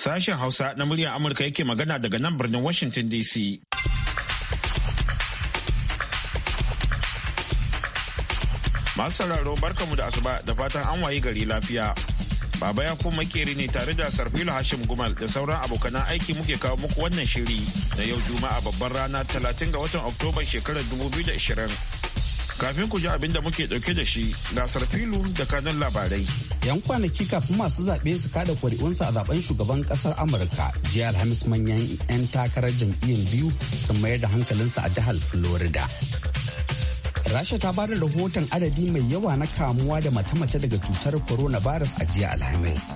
Sashen Hausa na muryar Amurka yake magana daga nan birnin Washington DC. Masu sauraro barkamu da asuba da fatan an wayi gari lafiya. Baba ya kuma makeri ne tare da Sarfilo Hashim Gumal da sauran abokanan aiki muke kawo muku wannan shiri na yau Juma'a babban rana 30 ga watan Oktoba shekarar 2020. kafin ku ji abin da muke dauke da shi gasar filu da kanun labarai yan kwanaki kafin masu zaɓe su kada kuri'unsa a zaben shugaban ƙasar amurka jiya alhamis manyan 'yan takarar jam'iyyar biyu sun mayar da hankalinsa a jihar florida rasha ta bada rahoton adadi mai yawa na kamuwa da mace-mace daga cutar corona coronavirus a jiya alhamis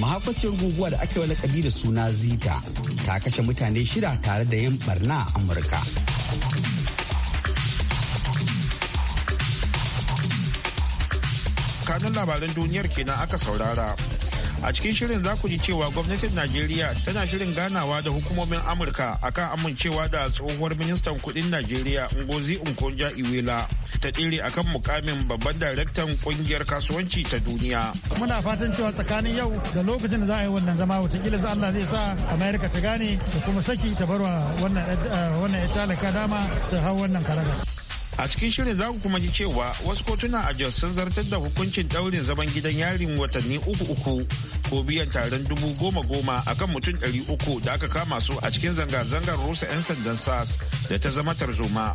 mahakwacin guguwa da ake yi lakabi da suna zita ta kashe mutane shida tare da yin barna a amurka kanun labaran duniyar kenan aka saurara. A cikin shirin za ku ji cewa gwamnatin Najeriya tana shirin ganawa da hukumomin Amurka akan amincewa da tsohuwar ministan kudin Najeriya Ngozi Nkonja iwela ta tsere akan mukamin babban daraktan kungiyar kasuwanci ta duniya. Muna fatan cewa tsakanin yau da lokacin da za a yi wannan zama watakila za Allah zai sa Amerika ta gane da kuma saki ta barwa wannan ya eh, talaka dama ta hau wannan karaga. a cikin shirin za ku kuma ji cewa wasu kotuna a jos sun zartar da hukuncin daurin zaman gidan yarin watanni uku uku ko biyan taron dubu goma goma a kan mutum ɗari uku da aka kama su a cikin zanga-zangar rusa 'yan sandan sas da ta zama tarzoma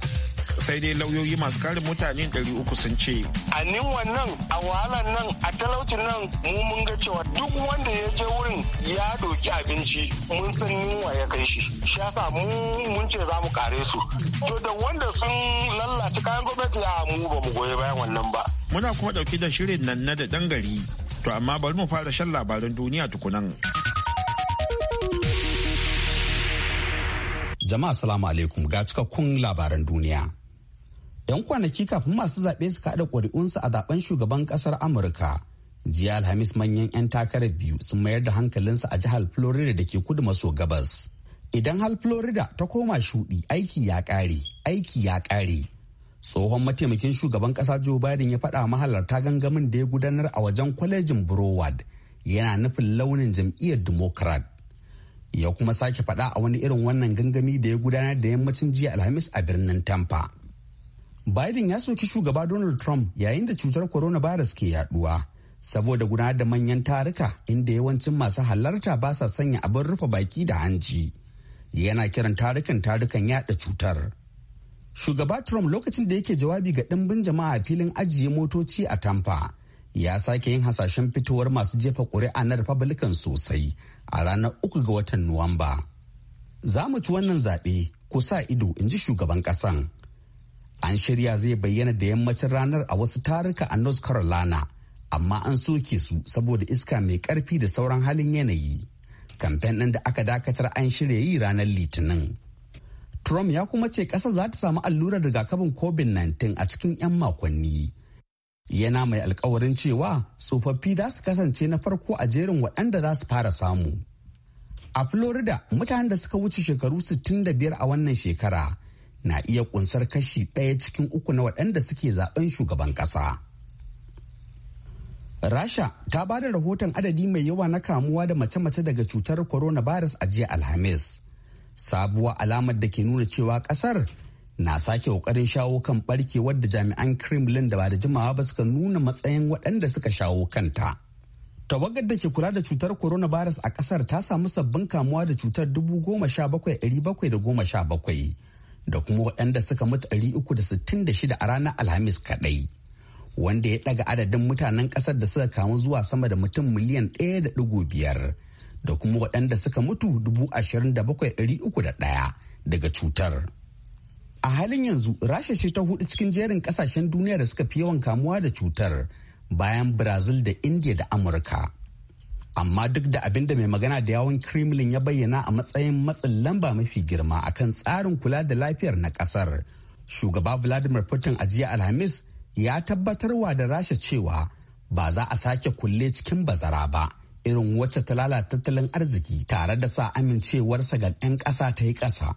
sai dai lauyoyi masu kare mutane uku sun ce. A nin wannan a wahalar nan a talaucin nan mu mun ga cewa duk wanda ya je wurin ya doki abinci mun san nuwa ya kai shi. shasa yasa mun ce za mu kare su. To da wanda sun lalla kwaci kayan gwamnati a mu ba mu goyi bayan wannan ba. Muna kuma ɗauke da shirin nan na da dan gari. To amma bari mu fara shan labaran duniya tukunan. Jama'a salamu alaikum ga cikakkun labaran duniya. 'Yan kwanaki kafin masu zaɓe su kaɗa ƙuri'unsu a zaɓen shugaban ƙasar Amurka. Jiya Alhamis manyan 'yan takarar biyu sun mayar da hankalinsu a jihar Florida da ke kudu maso gabas. idan har florida ta koma shuɗi aiki ya ƙare aiki ya ƙare tsohon mataimakin shugaban kasa joe biden ya faɗa mahalarta gangamin da ya gudanar a wajen kwalejin broward yana nufin launin jam'iyyar democrat ya kuma sake faɗa a wani irin wannan gangami da ya gudanar da yammacin jiya alhamis a birnin tampa biden ya soki shugaba donald trump yayin da cutar corona coronavirus ke yaduwa saboda gudanar da manyan taruka inda yawancin masu halarta ba sa sanya abin rufe baki da hanci yana kiran tarukan tarukan yada cutar shugaba trump lokacin da yake jawabi ga ɗimbin jama'a a filin ajiye motoci a tampa ya sake yin hasashen fitowar masu jefa ƙuri'a na republican sosai a ranar uku ga watan nuwamba za mu ci wannan zaɓe ku sa ido in ji shugaban ƙasan an shirya zai bayyana da yammacin ranar a wasu taruka a north carolina amma an soke su saboda iska mai ƙarfi da sauran halin yanayi kamfen ɗin da aka dakatar an shirya yi ranar litinin Trump ya kuma ce ƙasa za ta samu allurar rigakafin COVID-19 a cikin 'yan makonni. Yana mai alkawarin cewa tsofaffi za su kasance na farko a jerin waɗanda za su fara samu. A Florida, mutanen da suka wuce shekaru 65 a wannan shekara na iya kunsar kashi ɗaya cikin uku na waɗanda suke zaben shugaban ƙasa. Rasha ta ba da rahoton adadi mai yawa na kamuwa da mace-mace daga cutar coronavirus a jiya Alhamis. sabuwa alamar da ke nuna cewa kasar na sake kokarin shawo kan barkewar da jami'an kremlin da ba da jimawa ba suka nuna matsayin waɗanda suka shawo kanta tawagar da ke kula da cutar corona coronavirus a kasar ta samu sabbin kamuwa da cutar dubu 17,717 da bakwai. Da kuma waɗanda suka mutu da da sittin shida a ranar alhamis kaɗai wanda ya ɗaga adadin mutanen ƙasar da suka kamu zuwa sama da mutum miliyan ɗaya da biyar. da kuma waɗanda suka mutu dubu ashirin da da bakwai ɗaya daga cutar. A halin yanzu Rasha ce ta hudu cikin jerin ƙasashen duniya da suka fi yawan kamuwa da cutar bayan Brazil da India da Amurka. Amma duk da abin da mai magana da yawon Kremlin ya bayyana a matsayin matsin lamba mafi girma akan tsarin kula da lafiyar na ƙasar Shugaba Vladimir Putin a jiya Alhamis ya tabbatarwa da Rasha cewa ba za a sake kulle cikin bazara ba. irin wacce ta lalata tattalin arziki tare da sa amincewarsa ga 'yan ƙasa ta yi ƙasa.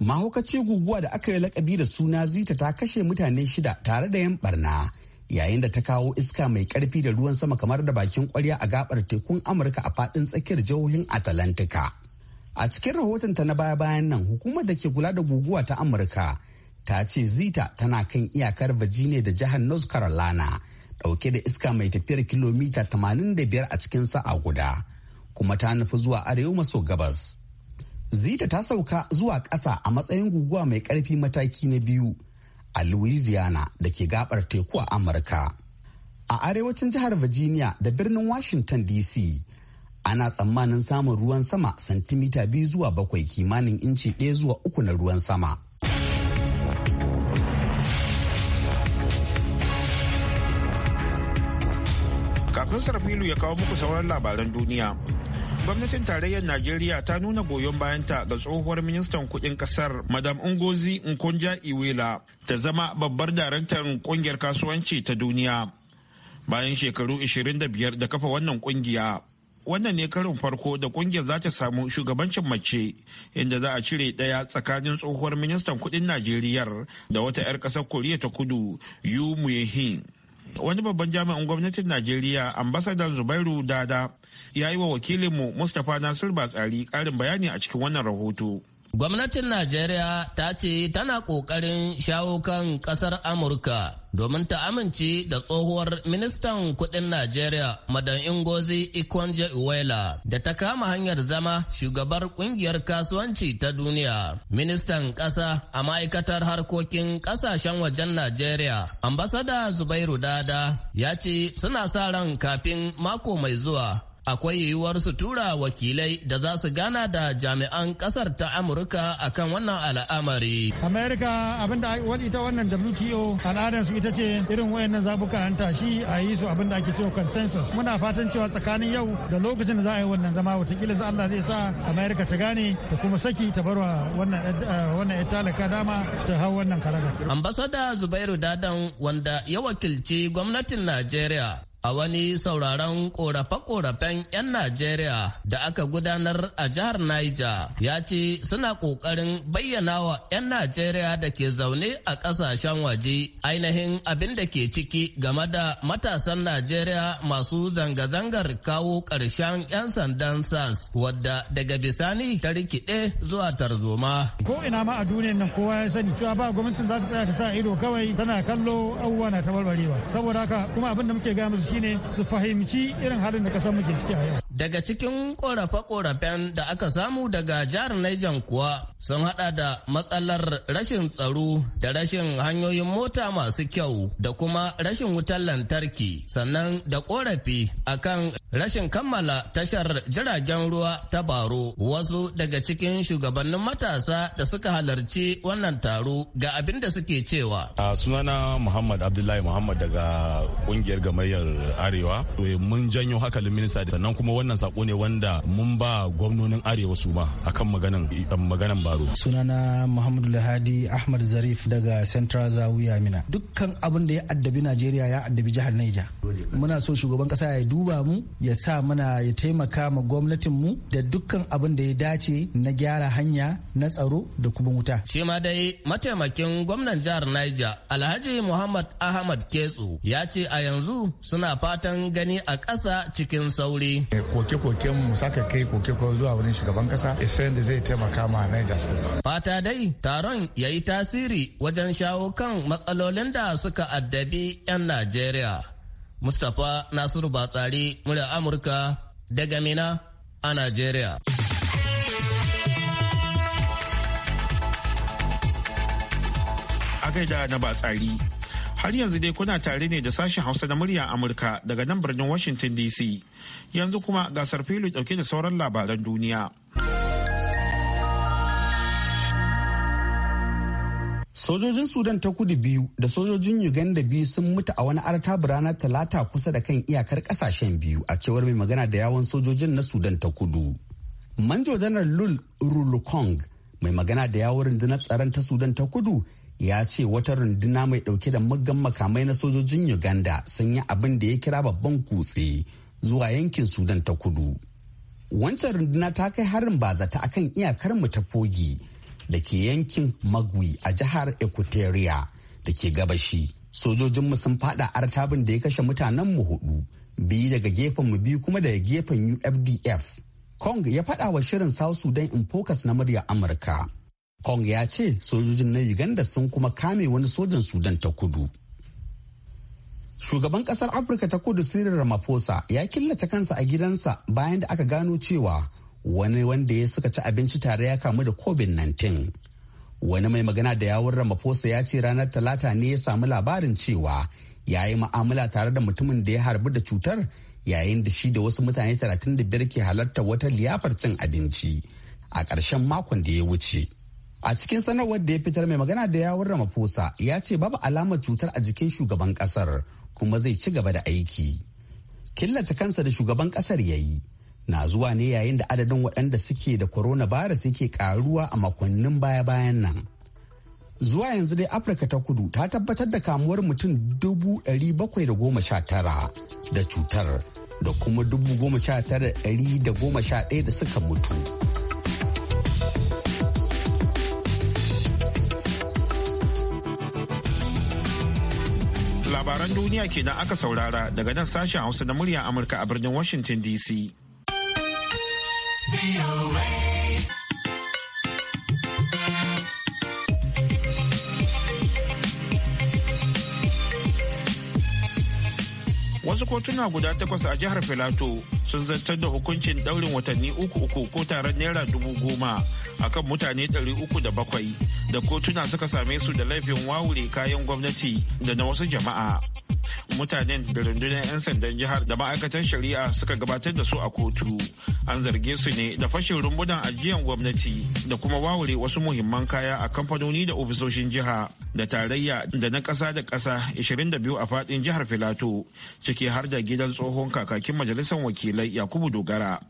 Mahaukaci guguwa da aka yi lakabi da suna zita ta kashe mutane shida tare da yan barna yayin da ta kawo iska mai karfi da ruwan sama kamar da bakin kwarya a gabar tekun Amurka a faɗin tsakiyar jihohin atlantika. A cikin rahoton ta na baya-bayan nan hukumar da ke kula da guguwa ta Amurka ta ce zita tana kan iyakar Virginia da jihar North Carolina. dauke da iska mai tafiyar kilomita 85 a cikin sa'a guda kuma ta nufi zuwa arewa maso gabas zita ta sauka zuwa ƙasa a matsayin guguwa mai ƙarfi mataki na biyu a louisiana da ke gabar teku a amurka a arewacin jihar virginia da birnin washington dc ana tsammanin samun ruwan sama santimita biyu zuwa bakwai kimanin inci ɗaya zuwa uku na ruwan sama kafin sarfilu ya kawo muku sauran labaran duniya gwamnatin tarayyar najeriya ta nuna goyon bayanta ga tsohuwar ministan kudin kasar madam ungozi nkonja iwela ta zama babbar daraktar kungiyar kasuwanci ta duniya bayan shekaru 25 da kafa wannan kungiya wannan ne karin farko da kungiyar za ta samu shugabancin mace inda za a cire daya tsakanin tsohuwar ministan kudin najeriya da wata 'yar kasar koriya ta kudu yu muyehin wani babban jami'in gwamnatin najeriya ambasadan zubairu dada ya yi wa wakilinmu mustapha nasir batsari karin bayani a cikin wannan rahoto Gwamnatin Najeriya ta ce tana ƙoƙarin shawo kan ƙasar Amurka domin ta amince da tsohuwar ministan Kuɗin Najeriya Madan Ingozi Ikwanje Iweala da ta kama hanyar zama shugabar ƙungiyar kasuwanci ta duniya. Ministan ƙasa a ma'aikatar harkokin ƙasashen wajen Najeriya, ambasada Zubairu Dada ya ce suna sa ran kafin mako mai zuwa akwai yiwuwar su tura wakilai da za su gana da jami'an kasar ta amurka akan wannan al'amari amerika abinda ita wannan wto al'adar su ita ce irin wayannan zabuka an tashi a yi su abinda ake cewa consensus muna fatan cewa tsakanin yau da lokacin da za a yi wannan zama watakila za allah zai sa amerika ta gane da kuma saki ta barwa wannan ya eh, eh, talaka dama ta hau wannan karagar ambasada zubairu dadan wanda ya wakilci gwamnatin najeriya a wani sauraron korafe-korafen 'yan Najeriya da aka gudanar a jihar Niger ya ce suna ƙoƙarin bayyana wa 'yan Najeriya da ke zaune a ƙasashen waje ainihin abin da ke ciki game da matasan Najeriya masu zanga-zangar kawo karshen 'yan sandan SAS wadda daga bisani ta rikide zuwa tarzoma. Ko ina ma a duniyar nan kowa ya sani cewa ba gwamnatin za ta tsaya ta sa ido kawai tana kallo abubuwa na barbarewa saboda kuma abin da muke gaya musu shine su fahimci irin halin da samu ke ciki yau. Daga cikin korafe-korafen da aka samu daga jihar Niger kuwa sun hada da matsalar rashin tsaro da rashin hanyoyin mota masu kyau da kuma rashin wutar lantarki sannan da korafi kan rashin kammala tashar jiragen ruwa ta baro wasu daga cikin shugabannin matasa da suka halarci wannan taro ga abin da suke cewa. sunana Muhammad Abdullahi Muhammad daga kungiyar gamayyar arewa eh, mun janyo hakalin minista sannan kuma wannan sako ne wanda mun ba gwamnonin arewa su ma akan maganan maganan baro sunana muhammadu lahadi ahmad zarif daga central zawiya mina dukkan abin da ya addabi najeriya ya addabi jihar naija muna so shugaban kasa ya duba mu ya sa mana ya taimaka ma gwamnatin mu da dukkan abin da ya dace na gyara hanya na tsaro da kuma wuta shi ma dai mataimakin gwamnan jihar naija alhaji muhammad ahmad ketsu ya ce a yanzu suna a fatan gani a ƙasa cikin sauri. koke koke mu saka kai koke ko zuwa wurin shugaban ƙasa sayan da zai taimaka ma Niger State. Fata dai taron ya yi tasiri wajen shawo kan matsalolin da suka addabi 'yan Najeriya. Mustapha Nasiru Batsari, murya Amurka daga Mina a Najeriya. A gaida na Batsari. Har yanzu dai kuna tare ne da sashen Hausa na murya Amurka daga nan birnin Washington DC. Yanzu kuma gasar filo dauke da sauran labaran duniya. Sojojin Sudan ta kudu biyu da sojojin Uganda biyu sun mutu a wani artabu ranar talata kusa da kan iyakar kasashen biyu a cewar mai magana da yawon sojojin na Sudan ta kudu. Manjo janar Lul Rulukong mai magana da yawon rundunar tsaron ta Sudan ta kudu ya ce wata runduna mai dauke da muggan makamai na sojojin uganda sun yi abin da ya kira babban kutse zuwa yankin sudan ta kudu wancan runduna ta kai harin bazata akan iyakar mu ta fogi da ke yankin magwi a jihar equatoria da ke gabashi sojojin mu sun fada artabin da ya kashe mutanen mu hudu biyu daga gefen mu biyu kuma daga gefen ufdf kong ya fada wa shirin south sudan in focus na murya amurka Kong ya ce sojojin na Uganda sun kuma kame wani sojan Sudan ta kudu. Shugaban kasar Afirka ta kudu Cyril Ramaphosa ya killace kansa a gidansa bayan da aka gano cewa wani wanda ya suka ci abinci tare ya kamu da COVID-19. Wani mai magana da yawun Ramaphosa ya ce ranar Talata ne ya samu labarin cewa ya yi ma'amala tare da mutumin da ya harbi da cutar yayin da shi da wasu mutane 35 ke halarta wata liyafar cin abinci a ƙarshen makon da ya wuce. A cikin sanarwar da ya fitar mai magana da yawun Ramaphosa ya ce babu alamar cutar a jikin shugaban kasar kuma zai ci gaba da aiki. Killace kansa da shugaban kasar ya yi na zuwa ne yayin da adadin waɗanda suke da korona coronavirus yake karuwa a makonnin baya-bayan nan. Zuwa yanzu dai Afirka ta kudu ta tabbatar da kamuwar mutum dubu bakwai da goma sha tara da cutar da kuma dubu goma sha tara da goma sha ɗaya da suka mutu. labaran duniya kenan aka saurara daga nan sashen hausa na murya amurka a birnin washington dc wasu kotuna guda takwas a jihar filato sun zartar da hukuncin daurin watanni uku uku ko taron naira dubu goma akan mutane ɗari uku da bakwai da kotuna suka same su da laifin wawure kayan gwamnati da na wasu jama'a mutanen da rundunar 'yan sandan jihar da ma'aikatan shari'a suka gabatar da su a kotu an zarge su ne da fashin rumbunan ajiyan gwamnati da kuma wawure wasu muhimman kaya a kamfanoni da ofisoshin jiha da tarayya da na ƙasa da ƙasa 22 a fadin jihar filato ciki har da gidan tsohon kakakin majalisar wakilai yakubu dogara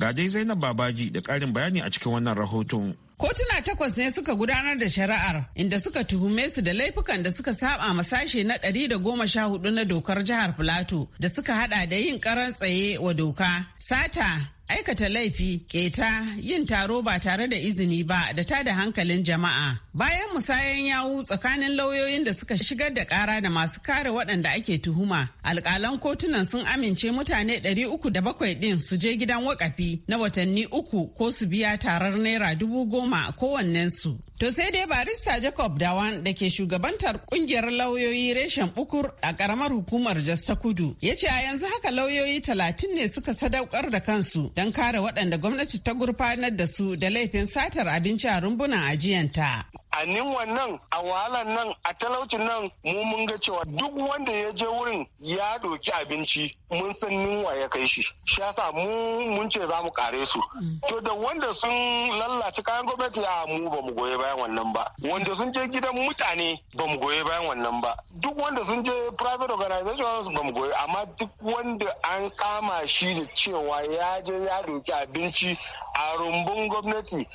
ga dai zainab babaji da ƙarin bayani a cikin wannan rahoton Kotuna takwas ne suka gudanar da shari'ar inda suka tuhume su da laifukan da suka saba ma sashe na ɗari da goma sha hudu na dokar jihar Filato da suka hada da yin karan tsaye wa doka, sata, aikata laifi keta yin taro ba tare da izini ba da ta da hankalin jama'a bayan musayen yawu tsakanin lauyoyin da suka shigar da kara da masu kare waɗanda ake tuhuma alƙalan kotunan sun amince mutane 307 ɗin su je gidan wakafi na watanni uku ko su biya tarar naira dubu goma kowannensu To sai dai barista Jacob Dawan da ke shugabantar kungiyar lauyoyi reshen bukur a karamar hukumar Jos ta Kudu ya ce a yanzu haka lauyoyi talatin ne suka sadaukar da kansu don kare waɗanda gwamnati ta gurfanar da su da laifin satar abinci a rumbunan ajiyanta. a nin nan a wahalan nan a talaucin nan mu mun ga cewa duk wanda ya je wurin ya doki abinci mun san ninwa ya kai shi shi yasa mu mun ce za mu kare su mm. to da wanda sun lallace kayan gwamnati a mu ba mu goye ba bayan wannan ba wanda sun je gidan mutane ba mu goyi bayan wannan ba duk wanda sun je private organization ba mu goyi amma duk wanda an kama shi da cewa ya je ya doki abinci a rumbun gwamnati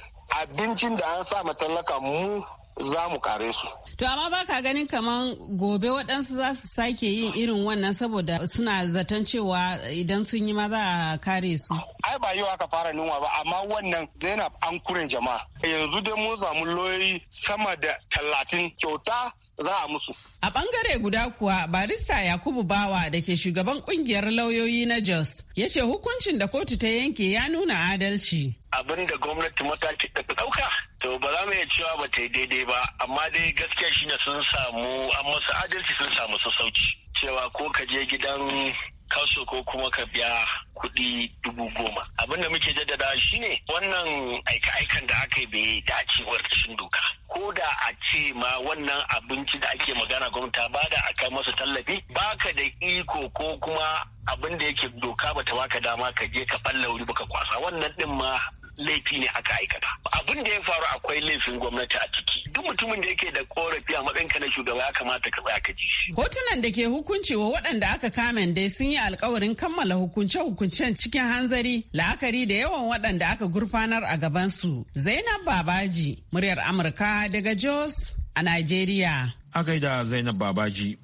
abincin da an sa matallaka mu za mu kare su. To amma ba ka ganin kamar gobe waɗansu za su sake yin irin wannan saboda suna zaton cewa idan sun yi ma za a kare su. Ai ba yau aka fara nunwa ba amma wannan Zainab an kure jama'a. Yanzu dai mun samu loyoyi sama da talatin kyauta za a musu. A bangare guda kuwa barista Yakubu Bawa da ke shugaban ƙungiyar lauyoyi na Jos ya ce hukuncin da kotu ta yanke ya nuna adalci. abin da gwamnati mataki ta ɗauka to ba za mu iya cewa ba ta yi daidai ba amma dai gaskiya shine sun samu an masu adalci sun samu sassauci cewa ko ka je gidan kaso ko kuma ka biya kuɗi dubu goma. Abin da muke jaddada shine wannan aika-aikan da aka yi bai dace ƙarshen doka. Ko da a ce ma wannan abinci da ake magana gwamnati ba da a kai masa tallafi baka da iko ko kuma abin da yake doka ba bata baka dama ka je ka falla wuri baka kwasa wannan din ma laifi ne aka aikata abin da ya faru akwai laifin gwamnati a ciki duk mutumin da yake da korafi a matsayinka na shugaba ya kamata ka tsaya ka ji shi Hotunan da ke hukunci wa waɗanda aka kamen dai sun yi alkawarin kammala hukunce-hukuncen cikin hanzari la'akari da yawan waɗanda aka gurfanar a gabansu zainab babaji muryar amurka daga jos a nigeria a gaida zainab babaji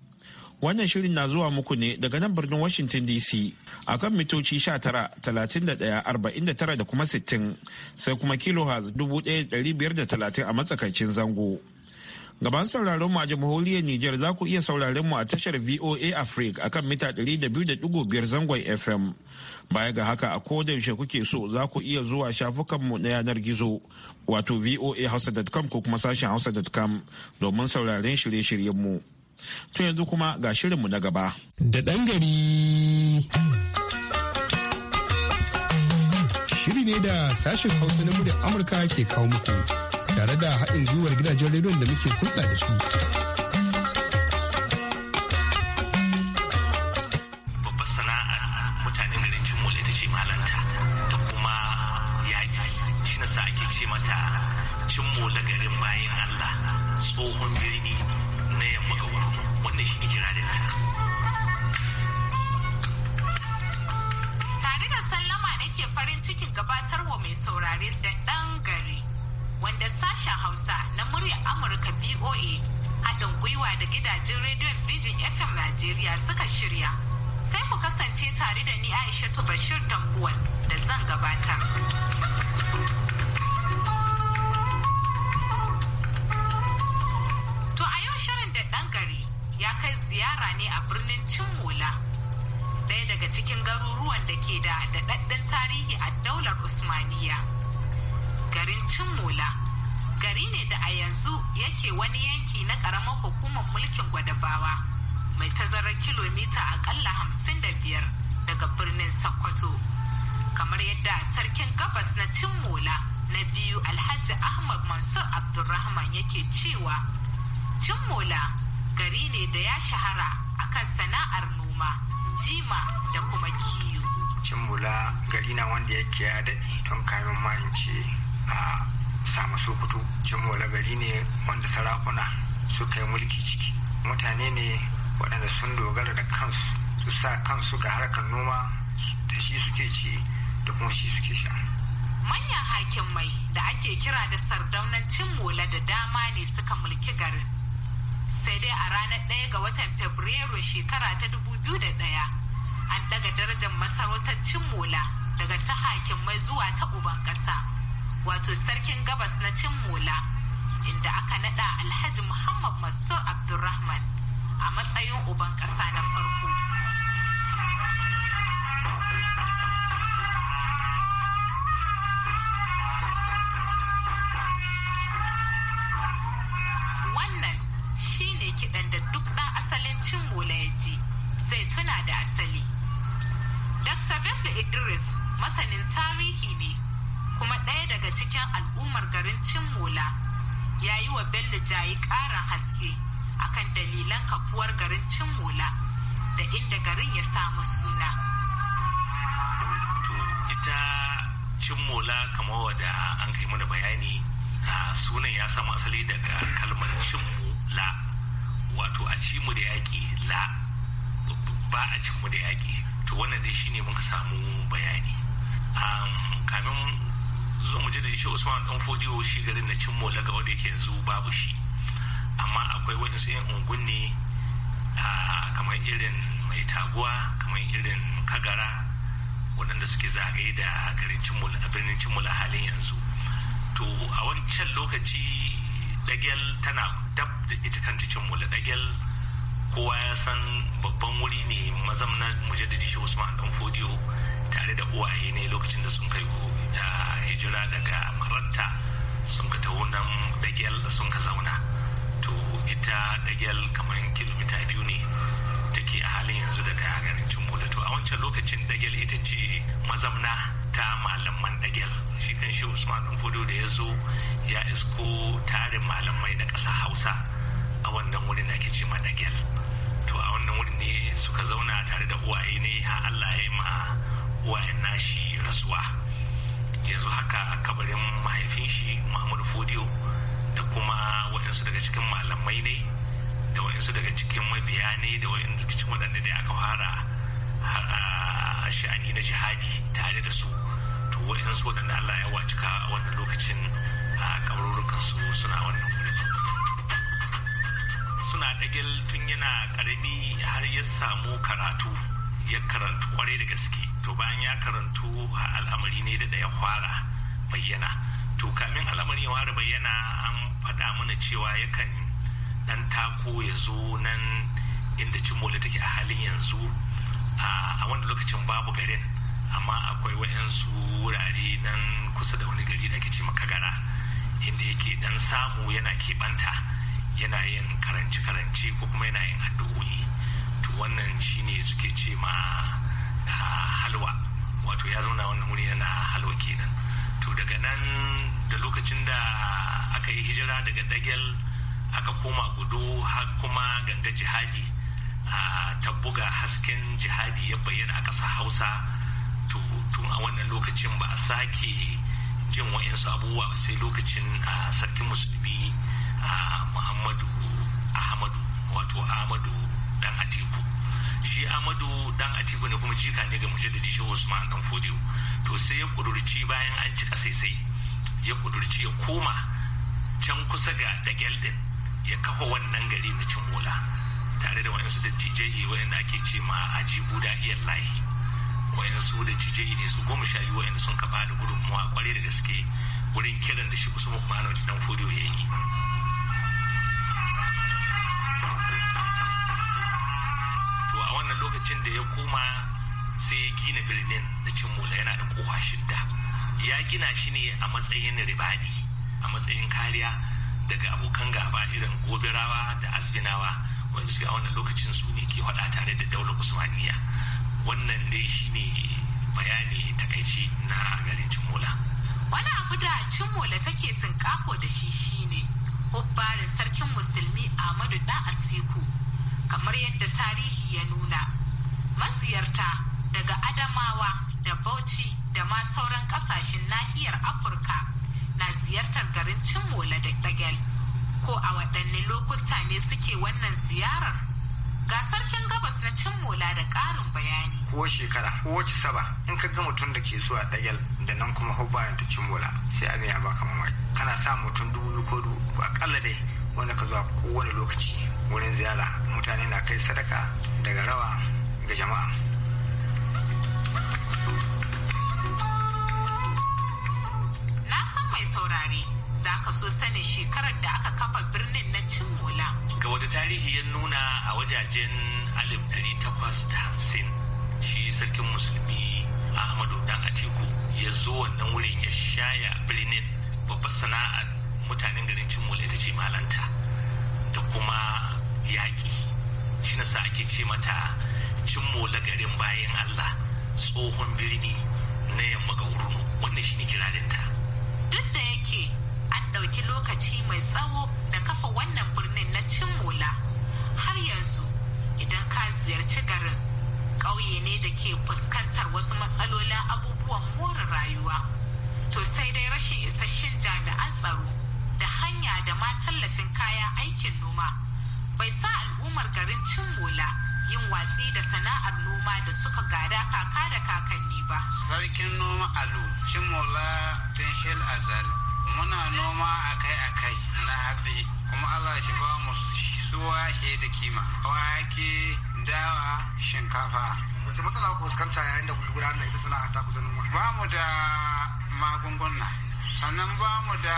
Wannan shirin na zuwa muku ne daga nan birnin Washington DC a kan mitoci 19,31,49 da kuma 60 sai kuma kilohaz 1,530 a matsakaicin zango. Gaban sauraron mu a jamhuriyar Nijar za ku iya sauraron mu a tashar VOA Africa a kan mita 200.5 zangon FM. Baya ga haka a koda yaushe kuke so za ku iya zuwa shafukanmu na yanar gizo wato voa hausa.com ko kuma sashen hausa.com domin sauraron shirye-shiryenmu. mu. To yanzu kuma ga shirin mu na gaba. Da ɗan Shiri ne da sashen Hausa na muryar Amurka ke kawo muku tare da haɗin gwiwar gidajen rediyon da muke hulɗa da su. Babbar sana'ar mutanen garin Jimol ita ce malanta da kuma yaƙi shi na sa ake ce mata Jimol garin bayan Allah tsohon Tare da sallama nake farin cikin gabatarwa mai saurare da ɗan gari wanda sashen Hausa na muryar Amurka BOA haɗin gwiwa da gidajen rediyon Bijin FM Najeriya suka shirya. Sai ku kasance tare da ni Aisha Bashir Tambuwal da zan gabata. da ke da daɗaɗɗen tarihi a daular Usmaniya. Garin Cimmola gari ne da a yanzu yake wani yanki na ƙaramar hukumar mulkin Gwadabawa mai tazarar kilomita aƙalla hamsin da biyar daga birnin Sokoto. Kamar yadda sarkin gabas na Cimmola na biyu Alhaji Ahmad Mansur Abdulrahman yake cewa Cimmola gari ne da ya shahara akan sana'ar noma, jima da kuma Cin mula gari na wanda yake ya daɗe tun kayan ma in ce a samu sokoto mula gari ne wanda sarakuna suka yi mulki ciki mutane ne waɗanda sun dogara da kansu su sa kansu ga harkar noma da shi suke ci da kuma shi suke sha manyan mai da ake kira da sardaunan cin mula da dama ne suka mulki garin sai dai a ranar 1 ga watan fabrairu shekara ta 2001 an daga darajar masarautar cin mola daga ta mai zuwa ta uban ƙasa wato sarkin gabas na mola inda aka nada Alhaji Muhammad Mansur Abdulrahman a matsayin uban ƙasa na farko. Wannan shine kiɗan da duk ɗan asalin mola ya ji zai tuna da asali. Dr. da Idris masanin tarihi ne kuma ɗaya daga cikin al'ummar garin Cimola ya yi wa Bello jayi ƙarin haske akan dalilan kafuwar garin Cimola da inda garin ya samu suna. Ita Cimola kamar wadda an kai mana bayani a sunan ya samu asali daga kalmar Cimola wato a cimu da yaƙi la ba a cimu da yaƙi. to wannan dai shine muka samu bayani kamin zo mu je da shi usman dan fodiyo shi garin na cin mola ga wanda yake yanzu babu shi amma akwai wani yan ungun ne kamar irin mai taguwa kamar irin kagara waɗanda suke zagaye da garin a birnin cin mola halin yanzu to a wancan lokaci dagel tana dab da ita kanta mola dagel kowa ya san babban wuri ne mazamna mujaddadi shi usman dan fodiyo tare da uwaye ne lokacin da sun kai hijira daga maratta sun ka taho nan dagyal da sun ka zauna to ita dagyal kamar kilomita biyu ne take a halin yanzu daga garin cimbola to a wancan lokacin dagyal ita ce mazamna ta malaman dagyal shi kan shi usman dan fodiyo da ya zo ya isko tarin malamai na ƙasa hausa a wannan wurin ake ce ma dagyal to a wannan wurin ne suka zauna tare da uwaye ne har Allah ya ma uwayen nashi rasuwa yanzu haka a kabarin mahaifin shi Muhammadu Fodiyo da kuma waɗansu daga cikin malamai ne da waɗansu daga cikin mabiya ne da waɗansu cikin waɗanda da aka fara a sha'ani na jihadi tare da su to waɗansu waɗanda Allah ya wacika a wannan lokacin a kabarurukan kansu suna wannan furutu suna ɗagel tun yana ƙarami har ya samu karatu ya karantu kwarai da gaske to bayan ya karantu a al'amari ne da ya fara bayyana to kamin al'amari ya fara bayyana an faɗa mana cewa yakan ɗan tako ya zo nan inda cimola take a halin yanzu a wanda lokacin babu garin amma akwai wa'yansu wurare nan kusa da wani gari da ake ce makagara inda yake ɗan samu yana keɓanta yana yin karanci-karanci ko kuma yana yin addu'o'i to wannan shine suke ce ma ah, halwa wato ya zauna wannan wuri yana halwa kenan to daga nan da lokacin da aka yi hijira daga dagel aka koma gudu har kuma ganga jihadi a ah, tabbuga hasken jihadi ya bayyana a ƙasa hausa tun a wannan lokacin ba a sake jin wa'insu abubuwa sai lokacin a ah, sarkin musulmi A muhammadu ahmadu wato ahmadu dan atiku shi ahmadu dan atiku ne kuma jika ne ga mujaddadi shi usman dan fodiyo to sai ya kudurci bayan an cika saisai ya kudurci ya koma can kusa ga dagel din ya kafa wannan gari na cin cimola tare da waɗansu dattijai waɗanda ake ce ma ajibu da iyan lahi da dattijai ne su goma sha biyu waɗanda sun kafa da gudunmuwa kwarai da gaske wurin kiran da shi kusa muhammadu dan fodiyo ya yi lokacin da ya koma sai ya gina birnin na mola yana da kowa shidda ya gina shi ne a matsayin ribadi a matsayin kariya daga abokan gaba irin gobirawa da asbinawa wanda shiga wannan lokacin su ne ke hada tare da daular usmaniya wannan dai shi ne bayani takaici na garin cimola wani abu da cin cimola take tunkako da shi shi shine hubbarin sarkin musulmi ahmadu da teku, kamar yadda tarihi ya nuna maziyarta daga adamawa da bauchi da ma sauran kasashen nahiyar afirka na ziyartar garin cimola da ɗagal ko a waɗanne lokuta ne suke wannan ziyarar ga sarkin gabas na cimola da ƙarin bayani ko shekara ko wace saba in ka ga mutum da ke zuwa dagal da nan kuma hubbaran ta cimola sai abin ya baka mamaki kana sa mutum dubu ko dubu akalla dai wanda ka zuwa kowane lokaci wurin ziyara mutane na kai sadaka daga rawa ga jama'a na san mai saurare za ka so sanin shekarar da aka kafa birnin na cimola ga wata tarihi ya nuna a wajajen alif da hamsin shi sarkin musulmi ahmadu dan atiku ya zo wannan wurin ya shaya birnin babbar sana'ar mutanen garin cimola ita ce malanta da kuma yaƙi shi na sa ake ce mata cimmola garin bayan Allah tsohon birni na yamma ga wurin wanda shine kirarinta. Duk da yake an ɗauki lokaci mai tsawo da kafa wannan birnin na cimmola har yanzu idan ka ziyarci garin ƙauye ne da ke fuskantar wasu matsalolin abubuwan more rayuwa. To sai dai rashin isasshen jami'an tsaro da hanya da ma tallafin kayan aikin noma bai sa al'ummar garin cimmola. yin watsi da sana'ar noma da suka gada kaka da kakanni ba. Sarkin noma alu, Shimola tun hil azal, muna noma akai-akai na hatsi, kuma Allah shi ba mu suwa da kima, wake, dawa, shinkafa. Wace matsala ku fuskanta yayin da kuke gudanar da ita sana'a ta kusa noma? Ba mu da magunguna, sannan ba mu da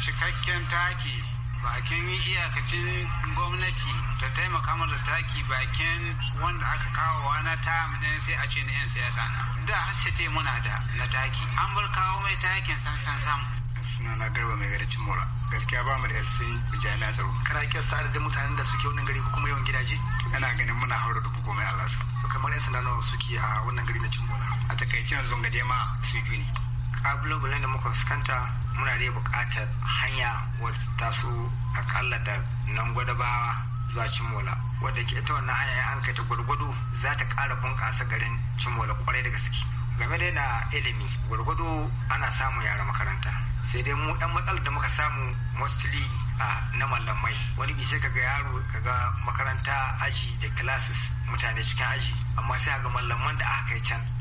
cikakken taki bakin iyakacin gwamnati ta taimaka mata taki bakin wanda aka kawo na ta ɗin sai a ce na 'yan siyasa na da hasse ce muna da na taki an bar kawo mai takin sansan samu suna na garba mai cin mura gaskiya ba mu da yasin jami'a tsaro kana kyasta da mutanen da suke wannan gari ko kuma yawan gidaje ana ganin muna haura dubu goma ya lasu kamar yan sanda nawa suke a wannan gari na cin mora a takaicin yanzu dai ma su biyu ne kalubalen da muka fuskanta muna da bukatar hanya wadda ta so akalla da nan gwadabawa zuwa cimola wadda ke ta wannan hanya an kai ta gwargwado za ta ƙara bunƙasa garin cimola kwarai da gaske game da na ilimi gwargwado ana samun yara makaranta sai dai mu yan matsalar da muka samu mostly a na malamai wani bisa kaga yaro kaga makaranta aji da classes mutane cikin aji amma sai ga malaman da aka kai can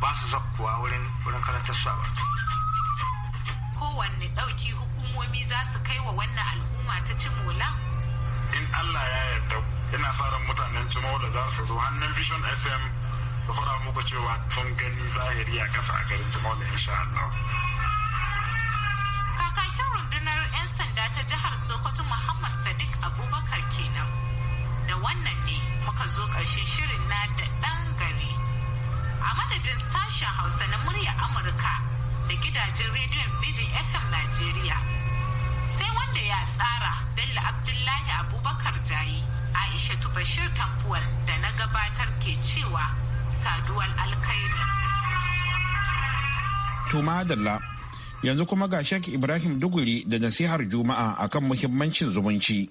ba su zakkuwa wurin wurin karantar su a kowanne ɗauki hukumomi za su kai wa wannan al'umma ta cimola in allah ya yarda ina sa ran mutanen cimola za su zo hannun vision fm da fara muku cewa tun gani zahiri a ƙasa a garin cimola insha allah kakakin rundunar 'yan sanda ta jihar sokoto muhammad sadiq abubakar kenan da wannan ne muka zo ƙarshen shirin na da ɗan gari a madadin sashen hausa na murya amurka da gidajen rediyon bijin fm najeriya sai wanda ya tsara bello abdullahi abubakar jayi aisha bashir tambuwal da na gabatar ke cewa saduwar alkhairi yanzu kuma ga shek ibrahim duguri da nasihar juma'a akan muhimmancin zumunci.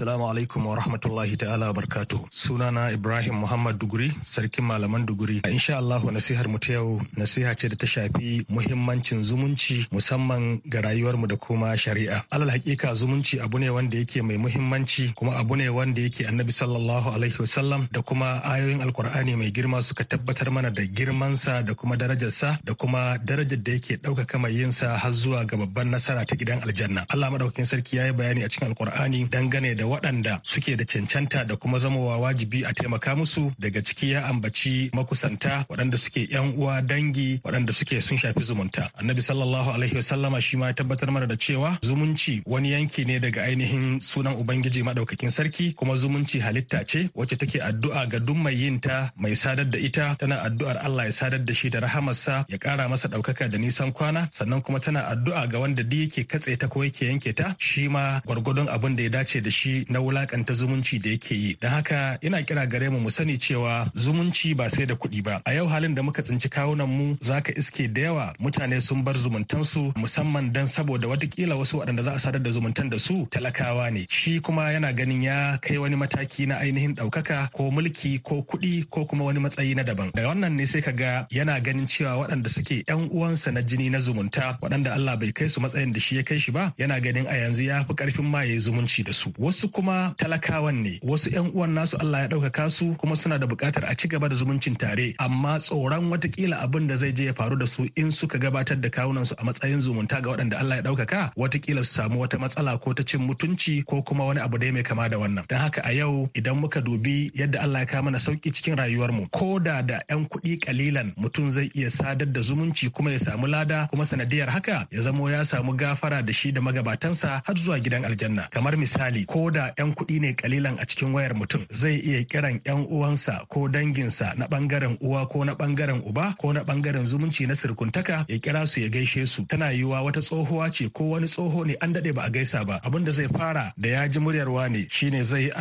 Assalamu alaikum wa rahmatullahi ta'ala wa barkatu. Sunana Ibrahim Muhammad Duguri, sarkin malaman Duguri. Insha Allah nasihar mu ta yau nasiha ce da ta shafi muhimmancin zumunci musamman ga rayuwar mu da kuma shari'a. Alal hakika zumunci abu ne wanda yake mai muhimmanci kuma abu ne wanda yake Annabi sallallahu alaihi wasallam da kuma ayoyin Alkur'ani mai girma suka tabbatar mana da girman sa da kuma darajarsa da kuma darajar da yake ɗaukaka mai sa har zuwa ga babban nasara ta gidan aljanna. Allah madaukakin sarki yayi bayani a cikin Alkur'ani dangane da waɗanda suke da cancanta da kuma zamowa wajibi a taimaka musu daga ciki ya ambaci makusanta waɗanda suke yan uwa dangi waɗanda suke sun shafi zumunta annabi sallallahu alaihi wasallama shi ma ya tabbatar mana da cewa zumunci wani yanki ne daga ainihin sunan ubangiji madaukakin sarki kuma zumunci halitta ce wacce take addu'a ga duk mai yin ta mai sadar da ita tana addu'ar Allah ya sadar da shi da rahamarsa ya kara masa ɗaukaka da nisan kwana sannan kuma tana addu'a ga wanda da yake katse ta ko yake yanke ta shi ma gwargwadon abin da ya dace da shi na wulakanta zumunci da yake yi don haka ina kira gare mu mu sani cewa zumunci ba sai da kuɗi ba a yau halin da muka tsinci kawunan mu za ka iske da yawa mutane sun bar zumuntansu musamman dan saboda watakila wasu waɗanda za a sadar da zumuntan da su talakawa ne shi kuma yana ganin ya kai wani mataki na ainihin ɗaukaka ko mulki ko kuɗi ko kuma wani matsayi na daban daga wannan ne sai ka ga yana ganin cewa waɗanda suke yan uwansa na jini na zumunta waɗanda Allah bai kai su matsayin da shi ya kai shi ba yana ganin a yanzu ya fi ƙarfin ma ya yi zumunci da su wasu kuma talakawan ne wasu yan uwan nasu Allah ya ɗaukaka su kuma suna da buƙatar a ci gaba da zumuncin tare amma tsoron watakila abin da zai je ya faru da su in suka gabatar da kawunan su a matsayin zumunta ga waɗanda Allah ya ɗaukaka watakila su samu wata matsala ko ta cin mutunci ko kuma wani abu dai mai kama da wannan don haka a yau idan muka dubi yadda Allah ya kawo mana sauki cikin rayuwarmu ko da da yan kuɗi kalilan mutum zai iya sadar da zumunci kuma ya samu lada kuma sanadiyar haka ya zamo ya samu gafara da shi da magabatansa har zuwa gidan aljanna kamar misali ko da da 'yan kuɗi ne kalilan a cikin wayar mutum zai iya kiran 'yan uwansa ko danginsa na bangaren uwa ko na bangaren uba ko na bangaren zumunci na sirkuntaka ya kira su ya gaishe su tana yiwuwa wata tsohuwa ce ko wani tsoho ne an daɗe ba a gaisa ba abin da zai fara da ya ji muryarwa ne shine zai yi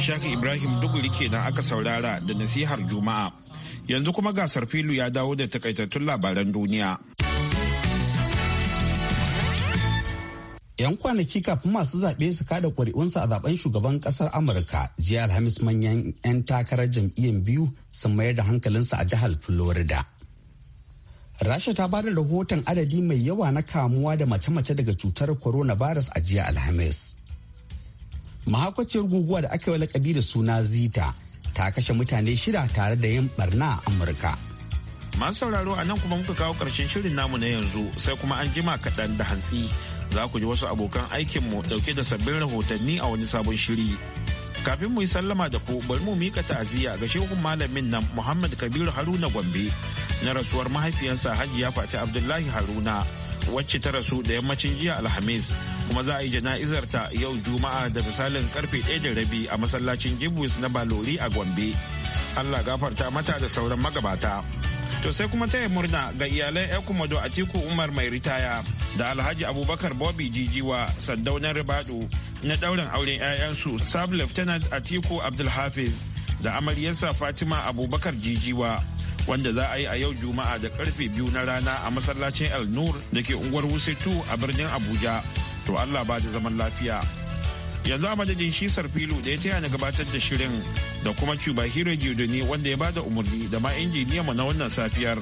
Shaki Ibrahim Duguli kenan aka saurara da nasihar Juma'a. Yanzu kuma gasar Sarfilu ya dawo da takaitattun labaran duniya. 'yan kwanaki kafin masu zaɓe su kada ƙuri'unsa a zaben shugaban ƙasar amurka jiya alhamis manyan 'yan takarar jam'iyyar biyu sun mayar da hankalinsa a jihar florida rasha ta bada rahoton adadi mai yawa na kamuwa da mace-mace daga cutar corona coronavirus a jiya alhamis mahaukaciyar guguwa da aka yi lakabi da suna zita ta kashe mutane shida tare da yin barna a amurka masu sauraro a nan kuma muka kawo karshen shirin namu na yanzu sai kuma an jima kaɗan da hantsi za ku ji wasu abokan aikinmu dauke da sabbin rahotanni a wani sabon shiri. Kafin mu yi sallama da ku bari mu mika ta'aziyya ga shehun malamin nan Muhammad Kabiru Haruna Gombe na rasuwar mahaifiyarsa Hajiya Fati Abdullahi Haruna wacce ta rasu da yammacin jiya Alhamis kuma za a yi jana'izar ta yau Juma'a da misalin karfe ɗaya da rabi a masallacin Jibus na Balori a Gombe. Allah gafarta mata da sauran magabata. To sai kuma ta taya murna ga iyalai iyalan a Atiku Umar mai ritaya da Alhaji Abubakar Bobi Jijiwa Saddaunar Ribadu na dauran auren 'ya'yansu Sub Lieutenant Atiku Abdulhafiz da amaryarsa Fatima Abubakar Jijiwa wanda za a yi a yau Juma'a da karfe biyu na rana a masallacin El Nur da ke unguwar 2 a birnin Abuja. To Allah ba da zaman lafiya. yanzu a madadin shi sarfilu da ya taya na gabatar da shirin da kuma cuba hero ne wanda ya bada umarni da ma injiniya mu na wannan safiyar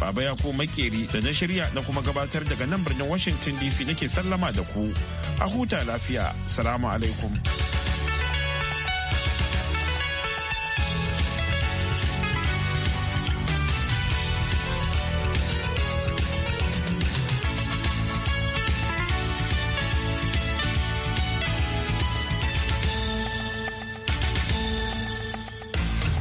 baba ya ko makeri da na shirya na kuma gabatar daga nan birnin washington dc nake sallama da ku a huta lafiya salamu alaikum